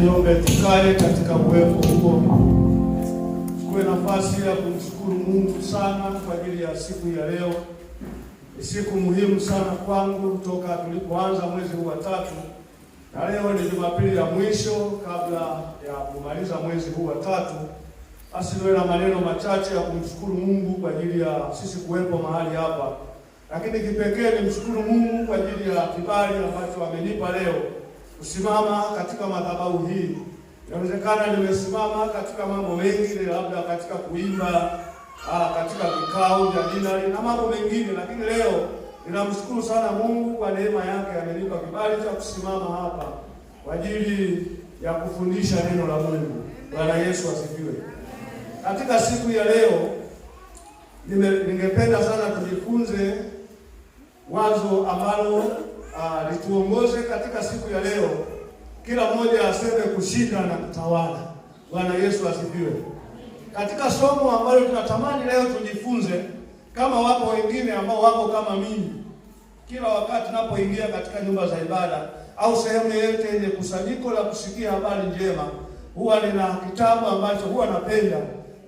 niombe tukae katika uwepo huko kuwe nafasi ya kumshukuru Mungu sana kwa ajili ya siku ya leo. Ni siku muhimu sana kwangu toka tulipoanza mwezi huu wa tatu, na leo ni Jumapili ya mwisho kabla ya kumaliza mwezi huu wa tatu. Basi niwe na maneno machache ya kumshukuru Mungu kwa ajili ya sisi kuwepo mahali hapa, lakini kipekee nimshukuru Mungu kwa ajili ya kibali ambacho amenipa leo kusimama katika madhabahu hii. Inawezekana nimesimama katika mambo mengi, labda katika kuimba, ah, katika vikao vya dinari na mambo mengine, lakini leo ninamshukuru sana Mungu kwa neema yake, amenipa kibali cha kusimama hapa kwa ajili ya kufundisha neno la Mungu. Bwana Yesu asifiwe. Katika siku ya leo ningependa sana tujifunze wazo ambalo lituongoze ah, katika siku ya leo, kila mmoja aseme kushinda na kutawala. Bwana Yesu asifiwe. Katika somo ambalo tunatamani leo tujifunze, kama wapo wengine ambao wako kama mimi, kila wakati tunapoingia katika nyumba za ibada au sehemu yoyote yenye kusanyiko la kusikia habari njema, huwa nina kitabu ambacho huwa napenda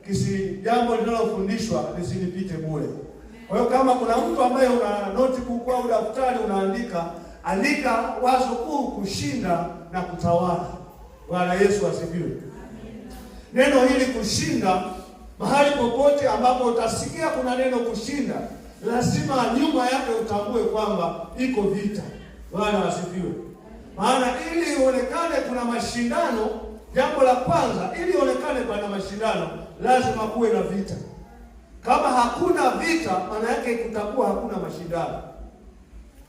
kisi jambo linalofundishwa lisinipite bure. Kwa hiyo kama kuna mtu ambaye una notebook au daftari unaandika andika wazo kuu kushinda na kutawala. Bwana Yesu asifiwe. Neno hili kushinda, mahali popote ambapo utasikia kuna neno kushinda, lazima nyuma yake utambue kwamba iko vita. Bwana asifiwe. Maana ili ionekane kuna mashindano, jambo la kwanza, ili ionekane pana mashindano, lazima kuwe na vita. Kama hakuna vita, maana yake kutakuwa hakuna mashindano.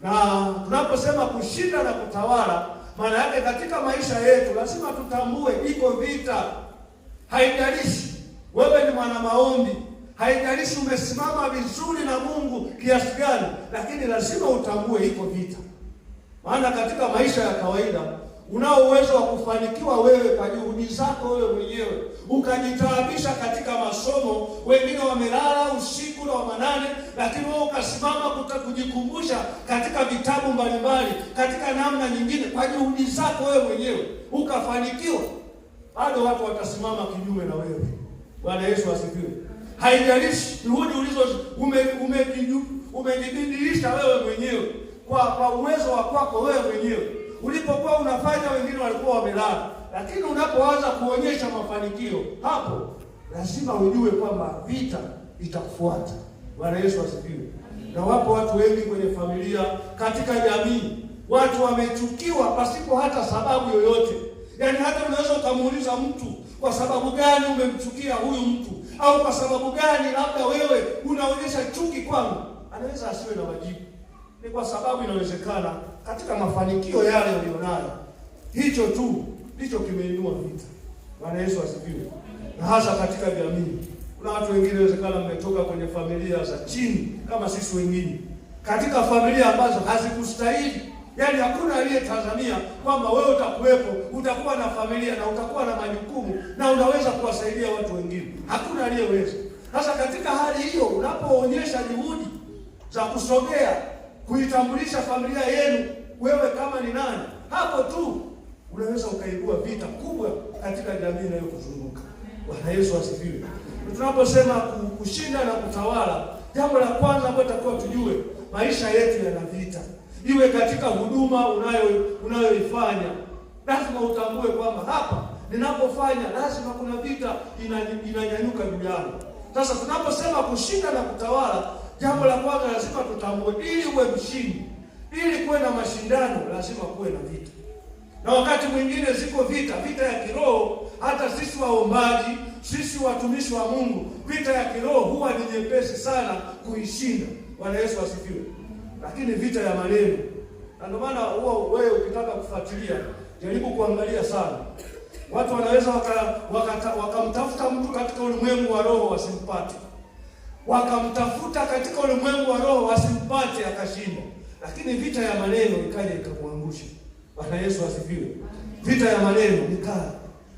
Na tunaposema kushinda na kutawala, maana yake katika maisha yetu lazima tutambue iko vita. Haijalishi wewe ni mwana maombi, haijalishi umesimama vizuri na Mungu kiasi gani, lakini lazima utambue iko vita, maana katika maisha ya kawaida Unao uwezo wa kufanikiwa wewe kwa juhudi zako wewe mwenyewe, ukajitaabisha katika masomo. Wengine wamelala usiku na wamanane manane, lakini wewe ukasimama kujikumbusha katika vitabu mbalimbali, katika namna nyingine, kwa juhudi zako wewe mwenyewe ukafanikiwa. Bado watu watasimama kinyume na wewe. Bwana Yesu asifiwe. Haijalishi juhudi ulizo umejibidiisha ume, ume, wewe mwenyewe kwa kwa uwezo wa kwako wewe mwenyewe ulipokuwa unafanya wengine walikuwa wamelala, lakini unapoanza kuonyesha mafanikio, hapo lazima ujue kwamba vita itakufuata. Bwana Yesu asifiwe. Na wapo watu wengi kwenye familia, katika jamii, watu wamechukiwa pasipo hata sababu yoyote. Yaani hata unaweza ukamuuliza mtu kwa sababu gani umemchukia huyu mtu, au kwa sababu gani labda wewe unaonyesha chuki kwangu, anaweza asiwe na majibu. Ni kwa sababu inawezekana katika mafanikio yale ulionayo, hicho tu ndicho kimeinua vita. Bwana Yesu asifiwe. Na hasa katika jamii, kuna watu wengine wezekana mmetoka kwenye familia za chini kama sisi wengine, katika familia ambazo hazikustahili Yaani hakuna aliyetazamia kwamba wewe utakuwepo, utakuwa na familia na utakuwa na majukumu na unaweza kuwasaidia watu wengine. Hakuna aliyeweza. Sasa katika hali hiyo, unapoonyesha juhudi za kusogea kuitambulisha familia yenu wewe kama ni nani, hapo tu unaweza ukaibua vita kubwa katika jamii inayokuzunguka. Bwana Yesu asifiwe. Tunaposema kushinda na kutawala, jambo la kwanza ambalo tutakuwa tujue, maisha yetu yana vita. Iwe katika huduma unayo unayoifanya, lazima utambue kwamba hapa ninapofanya lazima kuna vita inanyanyuka juu yangu. Sasa tunaposema kushinda na kutawala Jambo la kwanza lazima tutambue, ili uwe mshindi, ili kuwe na mashindano, lazima kuwe na vita. Na wakati mwingine ziko vita, vita ya kiroho. Hata sisi waombaji, sisi watumishi wa Mungu, vita ya kiroho huwa ni nyepesi sana kuishinda. Bwana Yesu asifiwe. Lakini vita ya maneno, na ndio maana huwa wewe ukitaka kufuatilia, jaribu kuangalia sana. Watu wanaweza wakamtafuta waka, waka mtu katika ulimwengu wa roho wasimpate wakamtafuta katika ulimwengu wa roho, wasimpate akashindwa. Lakini vita ya maneno ikaja ikakuangusha. Bwana Yesu asifiwe. Vita ya maneno ikaa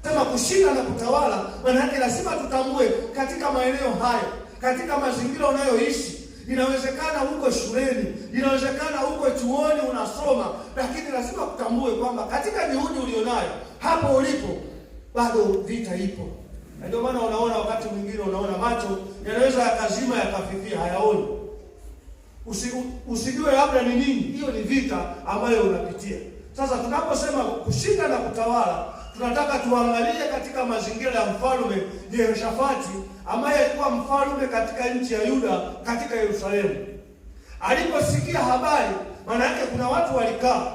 sema kushinda na kutawala, maana yake lazima tutambue katika maeneo hayo, katika mazingira unayoishi Inawezekana huko shuleni, inawezekana huko chuoni unasoma, lakini lazima kutambue kwamba katika juhudi ulionayo hapo ulipo bado vita ipo, na ndio maana unaona wakati mwingine unaona macho yanaweza yakazima yakafifia, hayaoni. Usijue labda ni nini, hiyo ni vita ambayo unapitia. Sasa tunaposema kushinda na kutawala, tunataka tuangalie katika mazingira ya mfalme Yehoshafati ambaye alikuwa mfalme katika nchi ya Yuda, katika Yerusalemu. Aliposikia habari, maana yake kuna watu walikaa.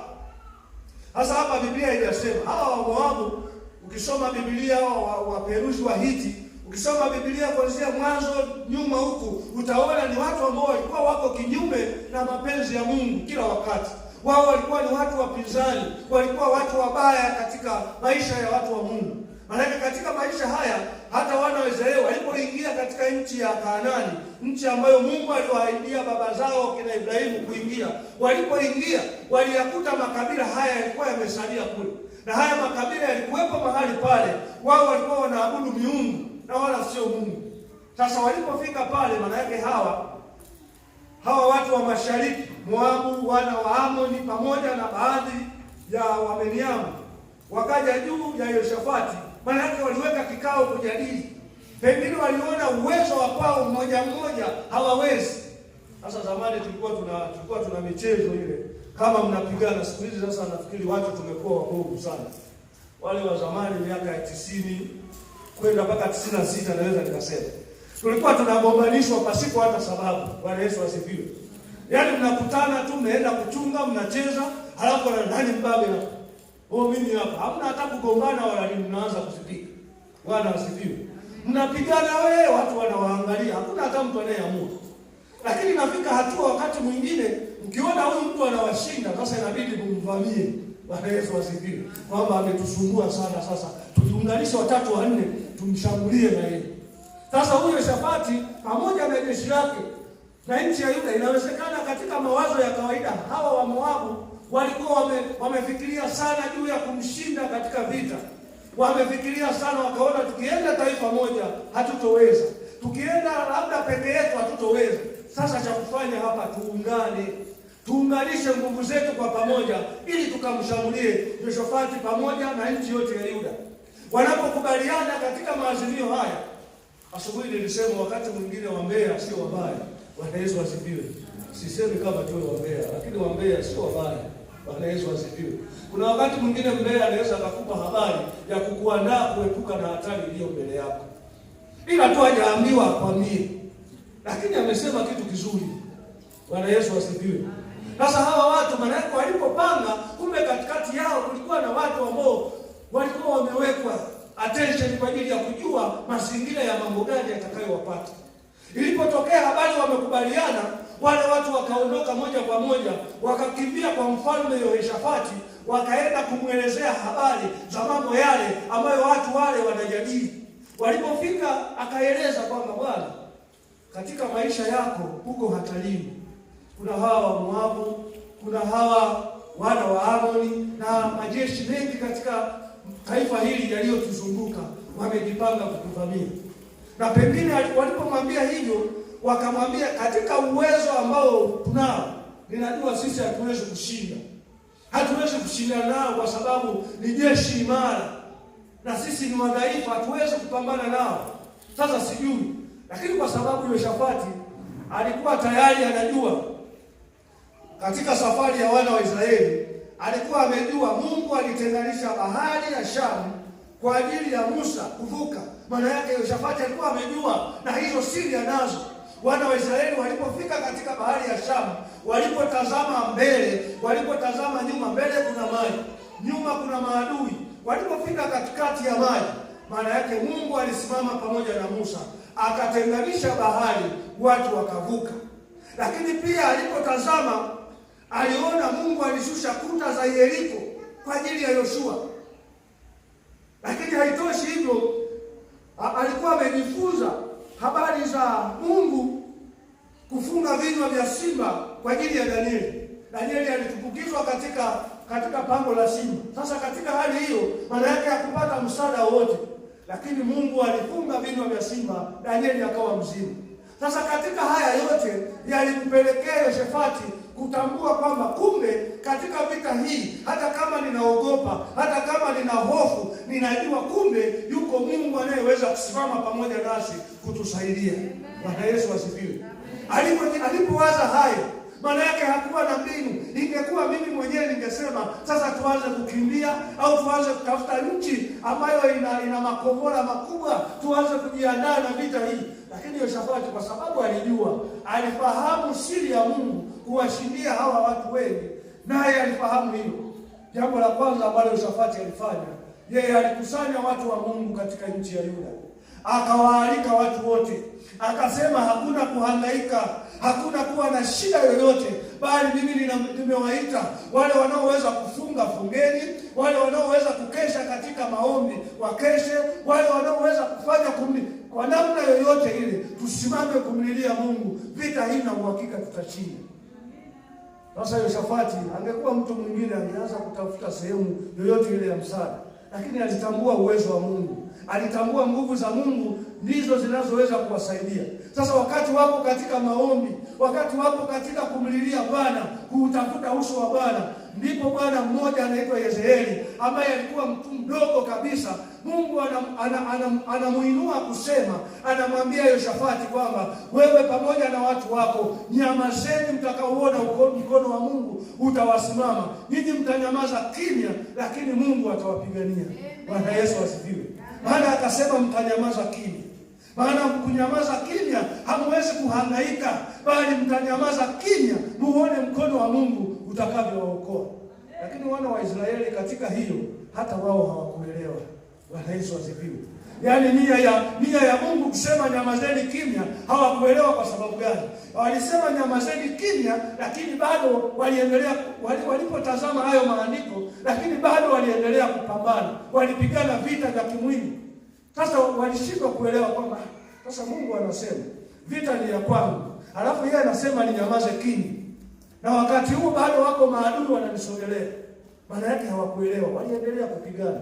Sasa hapa Biblia haijasema hawa Wamoabu, ukisoma Biblia hawa Waperuzi, hiti Ukisoma Biblia kuanzia mwanzo nyuma huku utaona ni watu ambao walikuwa wako kinyume na mapenzi ya Mungu kila wakati. Wao walikuwa ni watu wapinzani, walikuwa watu wabaya katika maisha ya watu wa Mungu. Maanake katika maisha haya hata wana wa Israeli walipoingia katika nchi ya Kanaani, nchi ambayo Mungu aliwaahidia baba zao kina Ibrahimu kuingia, walipoingia waliyakuta makabila haya yalikuwa yamesalia kule, na haya makabila yalikuwepo mahali pale, wao walikuwa wanaabudu miungu na wala sio Mungu. Sasa walipofika pale, maana yake hawa hawa watu wa mashariki, Moabu, wana wa Amoni pamoja na baadhi ya Wameniamu wakaja juu ya Yoshafati. Maana yake waliweka kikao kujadili, pengine waliona uwezo wa kwao mmoja mmoja hawawezi. Sasa zamani tulikuwa tuna tulikuwa tuna michezo ile kama mnapigana, siku hizi sasa nafikiri watu tumekuwa wabovu sana. Wale wa zamani miaka ya tisini kwenda mpaka tisini na sita naweza nikasema tulikuwa tunagombanishwa pasipo hata sababu. Bwana Yesu asifiwe. Yaani mnakutana tu, mnaenda kuchunga, mnacheza, halafu na nani mbabe na oh, mimi hapa, hamna hata kugombana wala nini, mnaanza kusipika. Bwana asifiwe. Mnapigana wewe, watu wanawaangalia, hakuna hata mtu anayeamua. Lakini nafika hatua wakati mwingine mkiona huyu mtu anawashinda, sasa inabidi kumvamie. Bwana Yesu asifiwe, kwamba ametusumbua sana sasa tujiunganishe watatu wanne, tumshambulie na yeye. Sasa huyo Shafati pamoja na jeshi lake na nchi ya Yuda, inawezekana katika mawazo ya kawaida hawa wa Moabu walikuwa wame, wamefikiria sana juu ya kumshinda katika vita, wamefikiria sana wakaona, tukienda taifa moja hatutoweza, tukienda labda peke yetu hatutoweza. Sasa cha kufanya hapa, tuungane tuunganishe nguvu zetu kwa pamoja ili tukamshambulie yoshafati pamoja na nchi yote ya Yuda wanapokubaliana katika maazimio haya. Asubuhi nilisema wakati mwingine wambea sio wabaya. Bwana Yesu asifiwe. Sisemi kama tuwe wambea, lakini wambea sio wabaya. Bwana Yesu asifiwe. Kuna wakati mwingine mbea anaweza akakupa habari ya kukuandaa kuepuka na hatari iliyo mbele yako, ila tu hajaambiwa akwambie, lakini amesema kitu kizuri. Bwana Yesu asifiwe. Sasa hawa watu maanake walipopanga, kumbe katikati yao kulikuwa na watu ambao walikuwa wamewekwa attention kwa ajili ya kujua mazingira ya mambo gani yatakayowapata. Ilipotokea habari wamekubaliana, wale watu wakaondoka moja kwa moja, wakakimbia kwa mfalme Yehoshafati, wakaenda kumwelezea habari za mambo yale ambayo watu wale wanajadili. Walipofika akaeleza kwamba bwana, katika maisha yako huko hatarini, kuna hawa wa Moabu, kuna hawa wana wa Amoni na majeshi mengi katika taifa hili yaliyotuzunguka wamejipanga kutuvamia, na pengine walipomwambia hivyo, wakamwambia katika uwezo ambao tunao, ninajua sisi hatuwezi kushinda, hatuwezi kushinda nao kwa sababu ni jeshi imara na sisi ni wadhaifu, hatuwezi kupambana nao. Sasa sijui, lakini kwa sababu Yehoshafati alikuwa tayari anajua katika safari ya wana wa Israeli alikuwa amejua Mungu alitenganisha bahari ya Shamu kwa ajili ya Musa kuvuka. Maana yake Yoshafati alikuwa amejua na hizo siri anazo. Wana wa Israeli walipofika katika bahari ya Shamu, walipotazama mbele, walipotazama nyuma, mbele kuna maji, nyuma kuna maadui. Walipofika katikati ya maji, maana yake Mungu alisimama pamoja na Musa akatenganisha bahari, watu wakavuka. Lakini pia alipotazama aliona Mungu alishusha kuta za Yeriko kwa ajili ya Yoshua, lakini haitoshi hivyo, alikuwa amejifunza habari za Mungu kufunga vinywa vya simba kwa ajili ya Danieli. Danieli alitumbukizwa katika katika pango la simba. Sasa katika hali hiyo, maana yake hakupata msaada wowote, lakini Mungu alifunga vinywa vya simba, Danieli akawa mzima. Sasa katika haya yote yalimpelekea Yoshafati kutambua kwamba kumbe katika vita hii, hata kama ninaogopa, hata kama nina hofu, ninajua kumbe yuko Mungu anayeweza kusimama pamoja nasi kutusaidia. Bwana Yesu asifiwe. Alipowaza hayo, maana yake hakuwa na mbinu Ingekuwa mimi mwenyewe ningesema sasa tuanze kukimbia au tuanze kutafuta nchi ambayo ina, ina makombora makubwa, tuanze kujiandaa na vita hii. Lakini Yoshafati kwa sababu alijua, alifahamu siri ya Mungu kuwashindia hawa watu wengi, naye alifahamu hilo. Jambo la kwanza ambalo Yoshafati alifanya, yeye alikusanya watu wa Mungu katika nchi ya Yuda akawaalika watu wote, akasema hakuna kuhangaika, hakuna kuwa na shida yoyote, bali mimi nimewaita wale wanaoweza kufunga, fungeni; wale wanaoweza kukesha katika maombi, wakeshe; wale wanaoweza kufanya kumli, kwa namna yoyote ile tusimame kumlilia Mungu. Vita hii na uhakika tutashinda. Sasa Yoshafati angekuwa mtu mwingine, angeanza kutafuta sehemu yoyote ile ya msada lakini alitambua uwezo wa Mungu alitambua nguvu za Mungu ndizo zinazoweza kuwasaidia. Sasa wakati wako katika maombi, wakati wako katika kumlilia Bwana, kuutafuta uso wa Bwana, ndipo bwana mmoja anaitwa Yezeeli ambaye alikuwa mtu mdogo kabisa, Mungu anamuinua kusema, anamwambia Yoshafati kwamba wewe pamoja na watu wako nyamazeni, mtakaouona mkono wa Mungu utawasimama. Ninyi mtanyamaza kimya, lakini Mungu atawapigania. Bwana Yesu asifiwe. Maana akasema mtanyamaza kimya. Maana mkunyamaza kimya hamwezi kuhangaika, bali mtanyamaza kimya muone mkono wa Mungu utakavyowaokoa. Lakini wana wa Israeli katika hiyo hata wao hawakuelewa. Bwana Yesu asifiwe. Yaani nia ya nia ya Mungu kusema nyamazeni kimya, hawakuelewa kwa sababu gani? Walisema nyamazeni kimya, lakini bado waliendelea wali, walipotazama hayo maandiko, lakini bado waliendelea kupambana, walipigana vita vya kimwili. Sasa walishindwa kuelewa kwamba sasa Mungu anasema vita ni ya kwangu, alafu yeye anasema ninyamaze kimya, na wakati huo bado wako maadui wananisogelea. Maana yake hawakuelewa, waliendelea kupigana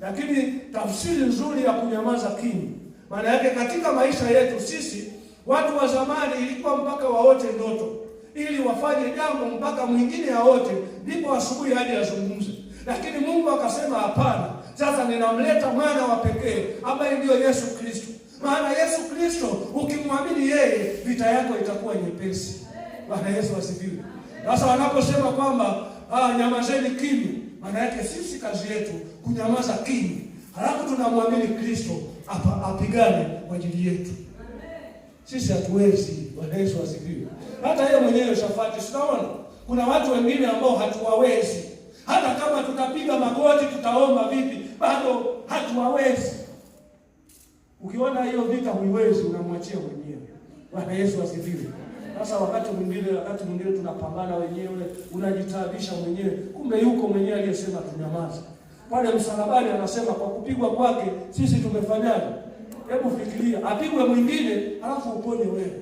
lakini tafsiri nzuri ya kunyamaza kimya. Maana yake katika maisha yetu sisi watu wa zamani ilikuwa mpaka waote ndoto ili wafanye jambo mpaka mwingine aote, ndipo asubuhi aje azungumze. Lakini Mungu akasema hapana, sasa ninamleta mwana wa pekee ambaye ndiyo Yesu Kristo. Maana Yesu Kristo ukimwamini yeye, vita yako itakuwa nyepesi. Bwana Yesu asifiwe. Sasa wanaposema kwamba ah, nyamazeni kimya maana yake sisi kazi yetu kunyamaza kinywa halafu tunamwamini Kristo apa apigane kwa ajili yetu. Sisi hatuwezi. Bwana Yesu asifiwe. Hata yeye mwenyewe Shafati, sinaona kuna watu wengine ambao hatuwawezi, hata kama tutapiga magoti, tutaomba vipi, bado hatuwawezi. Ukiona hiyo vita huiwezi, unamwachia mwenyewe. Bwana Yesu asifiwe. Sasa wakati mwingine wakati mwingine tunapambana wenyewe, unajitaabisha mwenyewe, kumbe yuko mwenyewe aliyesema tunyamaze. Pale msalabani anasema kwa kupigwa kwake sisi tumefanyaje? Hebu fikiria, apigwe mwingine alafu upone wewe.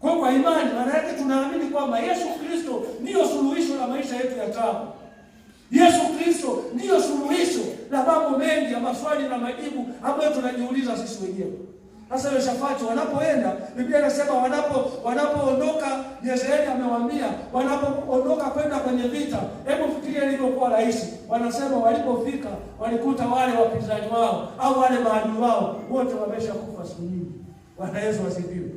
Kwa kwa imani, maana yake tunaamini kwamba Yesu Kristo ndiyo suluhisho la maisha yetu ya taabu. Yesu Kristo ndiyo suluhisho la mambo mengi ya maswali na majibu ambayo tunajiuliza sisi wenyewe. Sasa Yehoshafati wanapoenda, Biblia inasema wanapo wanapoondoka Yezreeli, amewaambia wanapoondoka kwenda kwenye vita, hebu fikiria ilivyokuwa rahisi. Wanasema walipofika walikuta wale wapinzani wao au wale maadui wao wote wameshakufa siku nyingi. Bwana Yesu asifiwe.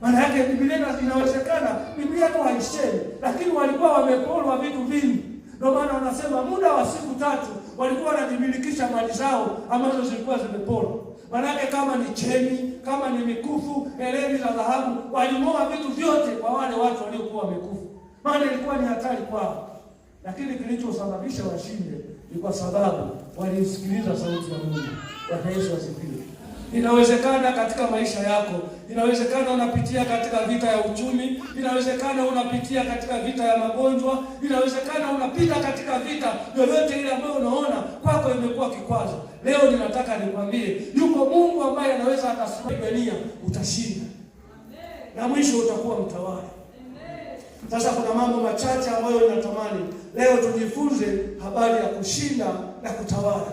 Maana yake Biblia inawezekana, Biblia tu haisemi, lakini walikuwa wameporwa vitu vingi. Ndio maana wanasema muda wa siku tatu walikuwa wanajimilikisha mali zao ambazo zilikuwa zimeporwa. Manake kama ni cheni, kama ni mikufu, hereni za dhahabu, walimoa vitu vyote kwa wale watu waliokuwa wamekufa, maana ilikuwa ni hatari kwao. Lakini kilichosababisha washinde ni kwa sababu walisikiliza sauti ya Mungu. Bwana Yesu asifiwe. Inawezekana katika maisha yako, inawezekana unapitia katika vita ya uchumi, inawezekana unapitia katika vita ya magonjwa, inawezekana unapita katika vita yoyote ile ambayo unaona kwako imekuwa kikwazo. Leo ninataka nikwambie, yuko Mungu ambaye anaweza akasubania, utashinda na mwisho utakuwa mtawala. Sasa kuna mambo machache ambayo ninatamani leo tujifunze habari ya kushinda na kutawala.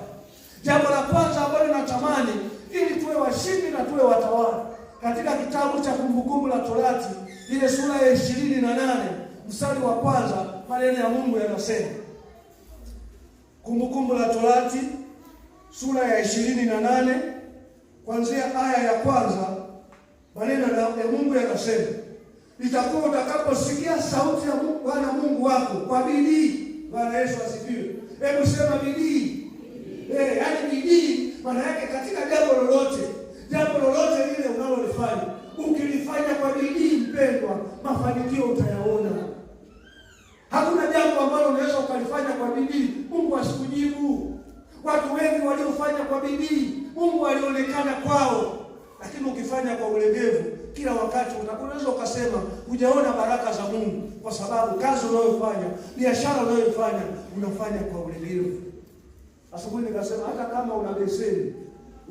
Jambo la kwanza ambalo ninatamani ili tuwe washindi na tuwe watawala. Katika kitabu cha Kumbukumbu la Torati ile sura ya ishirini na nane mstari wa kwanza maneno ya Mungu yanasema, Kumbukumbu la Torati sura ya ishirini na nane kuanzia aya ya kwanza maneno ya Mungu yanasema, itakuwa utakaposikia sauti ya Bwana Mungu wako kwa bidii. Bwana Yesu asifiwe! Hebu sema bidii, eh, yaani bidii maana yake katika jambo lolote, jambo lolote lile unalolifanya, ukilifanya kwa bidii, mpendwa, mafanikio utayaona. Hakuna jambo ambalo unaweza ukalifanya kwa bidii Mungu asikujibu. Watu wengi waliofanya kwa bidii Mungu alionekana kwao, lakini ukifanya kwa ulegevu kila wakati unaweza ukasema hujaona baraka za Mungu, kwa sababu kazi unayofanya, biashara unayofanya, unafanya kwa ulegevu. Asubuhi nikasema hata kama una beseni,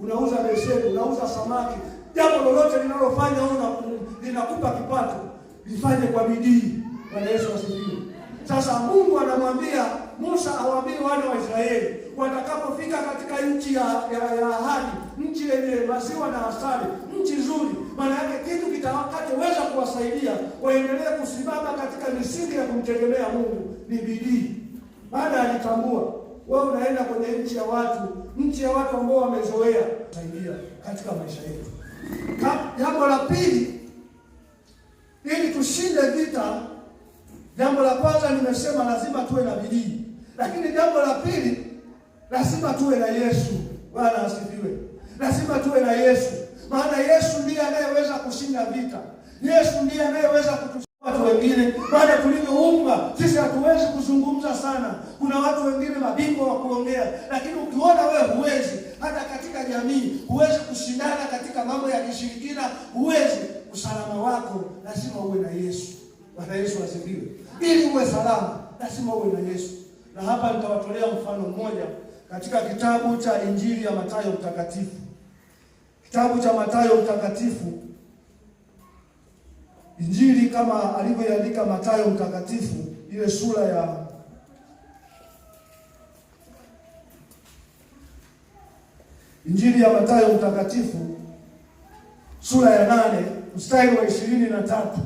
unauza beseni, unauza samaki, jambo lolote linalofanya linakupa kipato, lifanye kwa bidii. Bwana Yesu asifiwe. Sasa Mungu anamwambia Musa awaambie wana wa Israeli watakapofika katika nchi ya, ya, ya ahadi, nchi yenye maziwa na asali, nchi nzuri. Maana yake kitu kitakachoweza kuwasaidia waendelee kusimama katika misingi ya kumtegemea Mungu ni bidii. Baada alitambua wewe unaenda kwenye nchi ya watu, nchi ya watu ambao wamezoea kusaidia katika maisha yetu. Jambo la pili, ili tushinde vita, jambo la kwanza nimesema lazima tuwe na bidii, lakini jambo la pili lazima tuwe na Yesu. Bwana asifiwe. Lazima tuwe na Yesu, maana Yesu ndiye anayeweza kushinda vita. Yesu ndiye anayeweza kutu watu wengine baada tulivyoumba sisi hatuwezi kuzungumza sana. Kuna watu wengine mabingwa wa kuongea, lakini ukiona wewe huwezi hata katika jamii, huwezi kushindana katika mambo ya kishirikina, huwezi. Usalama wako lazima uwe na Yesu. Bwana Yesu asifiwe. Ili uwe salama, lazima uwe na Yesu. Na hapa nitawatolea mfano mmoja katika kitabu cha Injili ya matayo Mtakatifu, kitabu cha matayo Mtakatifu Injili kama alivyoiandika Mathayo mtakatifu ile sura ya Injili ya Mathayo mtakatifu sura ya nane mstari wa ishirini na tatu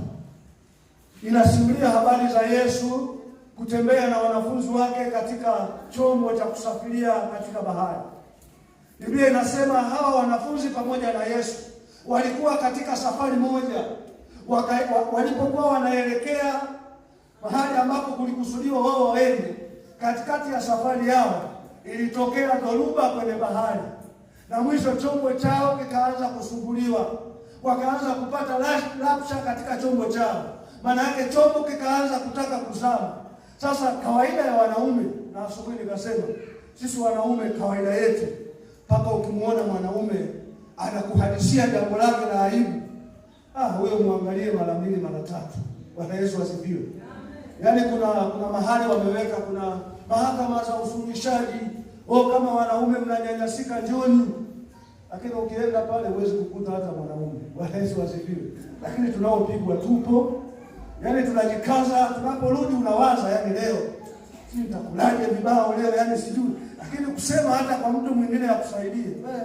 inasimulia habari za Yesu kutembea na wanafunzi wake katika chombo cha kusafiria katika bahari. Biblia inasema hawa wanafunzi pamoja na Yesu walikuwa katika safari moja walipokuwa wanaelekea mahali ambapo kulikusudiwa wao waende, katikati ya safari yao ilitokea dhoruba kwenye bahari, na mwisho chombo chao kikaanza kusumbuliwa, wakaanza kupata lapsha katika chombo chao, maana yake chombo kikaanza kutaka kuzama. Sasa kawaida ya wanaume, na asubuhi nikasema sisi wanaume kawaida yetu, mpaka ukimwona mwanaume anakuhadisia jambo lake la aibu Ah, huyo muangalie mara mbili mara tatu. Bwana Yesu asifiwe. Yaani kuna kuna mahali wameweka kuna mahakama za ufundishaji. Oh, kama wanaume mnanyanyasika njoni. Lakini ukienda pale huwezi kukuta hata mwanaume. Bwana Yesu asifiwe. Lakini tunaopigwa tupo. Yaani tunajikaza, tunaporudi unawaza yaani leo sijui nitakulaje vibao leo yaani sijui. Lakini kusema hata kwa mtu mwingine akusaidie. Eh,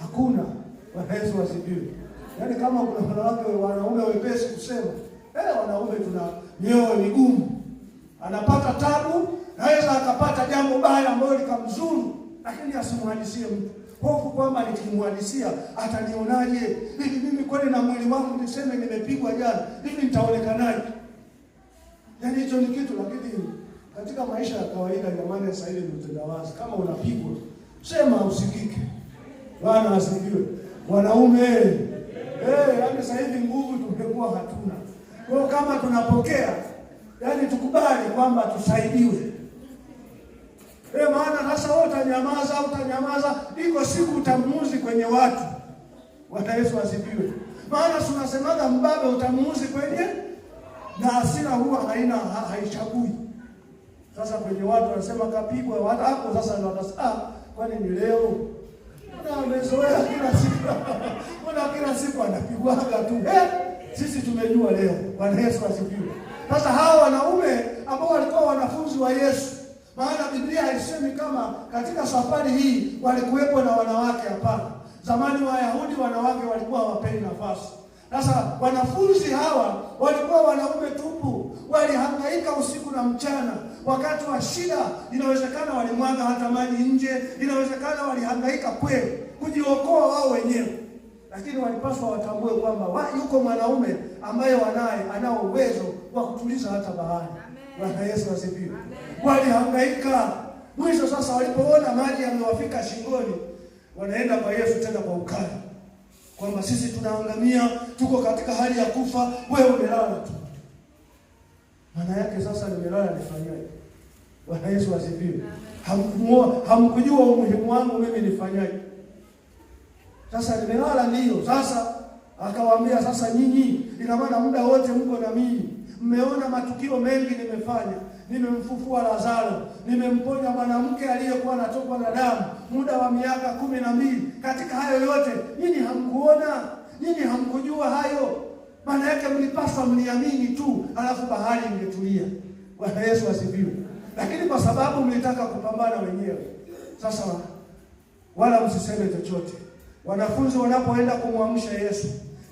hakuna. Bwana Yesu asifiwe. Yaani kama kuna wanawake wanaume wepesi kusema, eh, wanaume tuna mioyo migumu. Anapata tabu, naweza akapata jambo baya ambalo likamzuru, lakini asimhadisie mtu. Hofu kwamba nikimhadisia atanionaje? Hivi mimi kweli na mwili wangu niseme nimepigwa jana, hivi nitaonekanaje? Yaani hicho ni kitu lakini katika maisha ya kawaida jamani, sasa hivi ni utandawazi. Kama unapigwa, sema usikike. Bwana asifiwe. Wanaume Eh, yani sasa hivi nguvu tungekuwa hatuna. Kwa kama tunapokea, yani tukubali kwamba tusaidiwe. Eh, maana sasa wewe utanyamaza, utanyamaza, iko siku utamuuzi kwenye watu. Bwana Yesu asifiwe. Maana tunasemaga mbabe utamuuzi kwenye na hasira huwa haina ha, haichagui. Sasa kwenye watu wanasema kapigwa, hata hapo sasa ndio watasema ah, kwani ni leo tumejua leo. Bwana Yesu asifiwe. Sasa hawa wanaume ambao walikuwa wanafunzi wa Yesu, maana Biblia haisemi kama katika safari hii walikuwepo na wanawake. Hapana, zamani Wayahudi wanawake walikuwa hawapendi nafasi. Sasa wanafunzi hawa walikuwa wanaume tupu, walihangaika usiku na mchana. Wakati wa shida, inawezekana walimwaga hata maji nje, inawezekana walihangaika kweli kujiokoa wao wenyewe lakini walipaswa watambue kwamba wa, yuko mwanaume ambaye wanaye anao uwezo wa kutuliza hata bahari. Bwana Yesu asifiwe. Walihangaika mwisho, sasa walipoona maji yamewafika shingoni, wanaenda kwa Yesu tena kwa ukali kwamba sisi tunaangamia, tuko katika hali ya kufa, wewe umelala tu. Maana yake sasa nimelala nifanyaje? Bwana Yesu asifiwe. Hamkujua umuhimu wangu mimi nifanyaje? Sasa nimelala ndio. Sasa akawaambia sasa, nyinyi ina maana muda wote mko na mimi, mmeona matukio mengi nimefanya, nimemfufua Lazaro, nimemponya mwanamke aliyekuwa anatokwa na damu muda wa miaka kumi na mbili. Katika hayo yote nyinyi hamkuona, nyinyi hamkujua hayo. Maana yake mlipaswa mliamini tu, alafu bahari ingetulia. Bwana Yesu asifiwe. Lakini kwa sababu mlitaka kupambana wenyewe, sasa wala msiseme chochote Wanafunzi wanapoenda kumwamsha Yesu,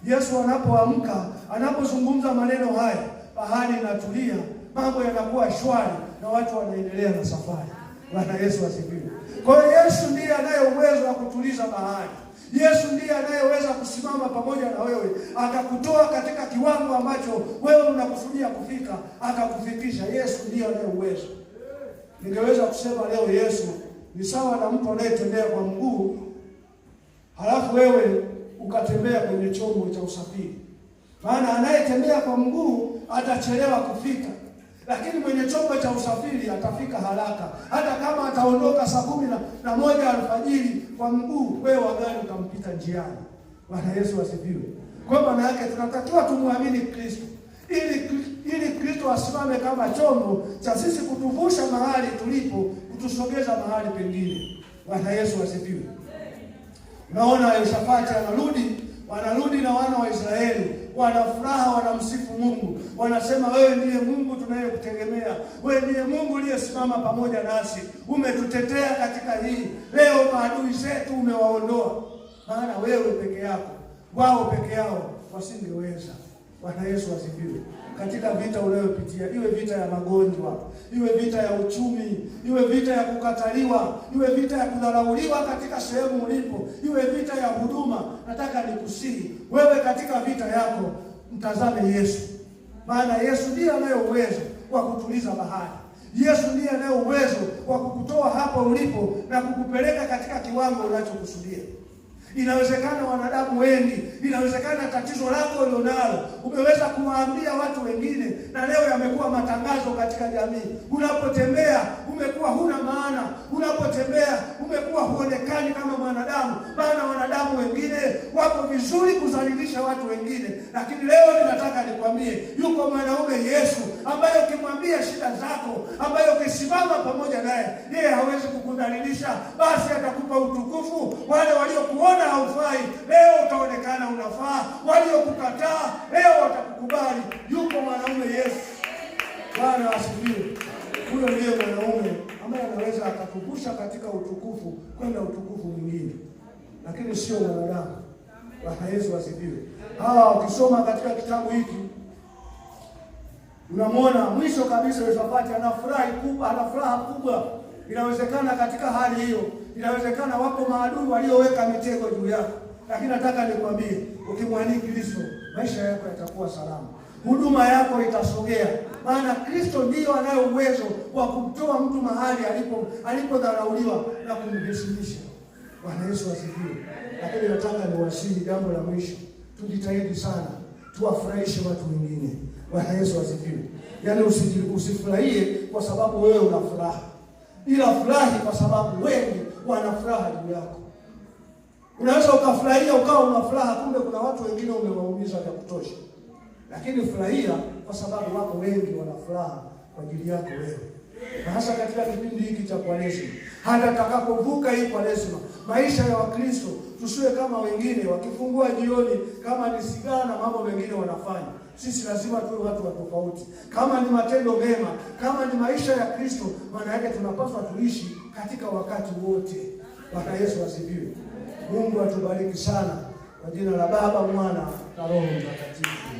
Yesu anapoamka, anapozungumza maneno haya, bahari inatulia, mambo yanakuwa shwari na watu wanaendelea na safari. Bwana Yesu asifiwe. Kwa hiyo Yesu ndiye anaye uwezo wa kutuliza bahari. Yesu ndiye anayeweza kusimama pamoja na wewe akakutoa katika kiwango ambacho wewe unakusudia kufika akakufikisha. Yesu ndiye anaye uwezo. Ningeweza kusema leo Yesu ni sawa na mtu anayetembea kwa mguu halafu wewe ukatembea kwenye chombo cha usafiri. Maana anayetembea kwa mguu atachelewa kufika, lakini mwenye chombo cha usafiri atafika haraka. Hata kama ataondoka saa kumi na moja alfajiri kwa mguu, wewe wa gari utampita njiani. Bwana Yesu asifiwe. Kwa maana yake tunatakiwa tumwamini Kristo ili ili Kristo asimame kama chombo cha sisi kutuvusha mahali tulipo, kutusogeza mahali pengine. Bwana Yesu asifiwe. Unaona, Yoshafati anarudi, wanarudi na wana wa Israeli wanafuraha, wanamsifu Mungu, wanasema wewe ndiye Mungu tunayekutegemea, wewe ndiye Mungu uliyesimama pamoja nasi, umetutetea katika hii. Leo maadui zetu umewaondoa, maana wewe peke yako, wao peke yao wasingeweza. Bwana Yesu asifiwe katika vita unayopitia, iwe vita ya magonjwa, iwe vita ya uchumi, iwe vita ya kukataliwa, iwe vita ya kudharauliwa katika sehemu ulipo, iwe vita ya huduma. Nataka nikusihi wewe, katika vita yako mtazame Yesu, maana Yesu ndiye anaye uwezo wa kutuliza bahari. Yesu ndiye anaye uwezo wa kukutoa hapa ulipo na kukupeleka katika kiwango unachokusudia. Inawezekana wanadamu wengi, inawezekana tatizo lako ulionalo umeweza kuwaambia watu wengine, na leo yamekuwa matangazo katika jamii. Unapotembea umekuwa huna maana, unapotembea umekuwa huonekani kama mwanadamu, maana wanadamu wengine wako vizuri kuzalilisha watu wengine, lakini leo ninataka nikwambie, yuko mwanaume Yesu ambaye ukimwambia shida zako, ambaye ukisimama pamoja naye yeye hawezi kukudhalilisha, basi atakupa utukufu. Wale waliokuona haufai leo utaonekana unafaa, waliokukataa leo watakukubali. Yuko mwanaume Yesu. Bwana asifiwe. Huyo ndiye mwanaume ambaye anaweza akakugusha katika utukufu kwenda utukufu mwingine, lakini sio mwanadamu. Bwana Yesu asifiwe. Hawa ukisoma katika kitabu hiki Unamwona mwisho kabisa Yoshafati anafurahi kubwa, ana furaha kubwa. Inawezekana katika hali hiyo, inawezekana wapo maadui walioweka mitego juu yako, lakini nataka nikwambie, ukimwamini Kristo maisha yako yatakuwa salama, huduma yako itasogea, maana Kristo ndiyo anayo uwezo wa kumtoa mtu mahali alipo alipodharauliwa na kumheshimisha. Bwana Yesu asifiwe. Lakini nataka niwasihi jambo la mwisho, tujitahidi sana tuwafurahishe watu wengine. Bwana Yesu asifiwe. Yaani usifurahie kwa sababu wewe una furaha, ila furahi kwa sababu wengi wana furaha juu yako. Unaweza ukafurahia ukawa una furaha, kumbe kuna watu wengine umewaumiza vya kutosha, lakini furahia kwa sababu wako wengi wana furaha kwa ajili yako wewe na hasa katika kipindi hiki cha Kwaresima, hata takapovuka hii Kwaresima, maisha ya Wakristo tusiwe kama wengine wakifungua jioni, kama ni sigara na mambo mengine wanafanya sisi lazima tuwe watu wa tofauti. Kama ni matendo mema, kama ni maisha ya Kristo, maana yake tunapaswa tuishi katika wakati wote. Bwana Yesu asifiwe. Mungu atubariki sana, kwa jina la Baba, Mwana na Roho Mtakatifu.